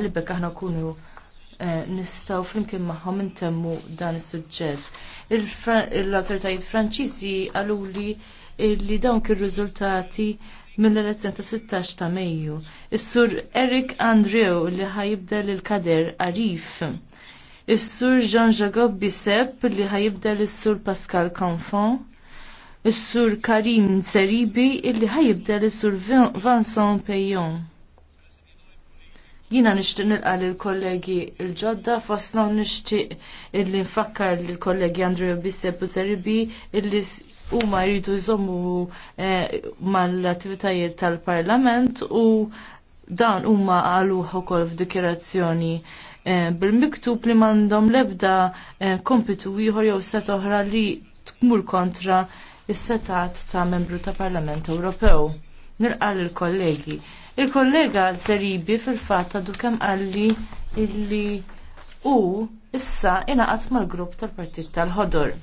li bekk aħna kunu eh, nistaw flimkien magħhom intemmu dan is-suġġett. Il-autoritajiet Franċiżi għalu li li dawn kien riżultati mill-elezzjoni ta' 16 ta' Mejju. Is-sur Eric Andrew li ħajibdel il-kader Arif. Is-sur Jean-Jacob Bisep li ħajibdel is-sur Pascal Canfon. Is-sur Karim Seribi illi ħajibdel is-sur Vincent Peyon. Jina nishtiq nilqa l-kollegi il-ġodda fasna nishtiq illi nfakkar l-kollegi Andrew Bissep u Seribi illi huma jridu jżommu eh, mal-attivitajiet tal-Parlament u dan huma għaluħ ukoll f'dikjerazzjoni eh, bil-miktub li mandom lebda eh, kompitu ieħor jew set oħra li tmur kontra is-setat ta' membru ta' Parlament Ewropew. Nilqa' il kollegi Il-kollega l-Seribi fil-fatt għadu kemm qalli illi u issa ingħaqad mal-grupp tal-Partit tal-Ħodor.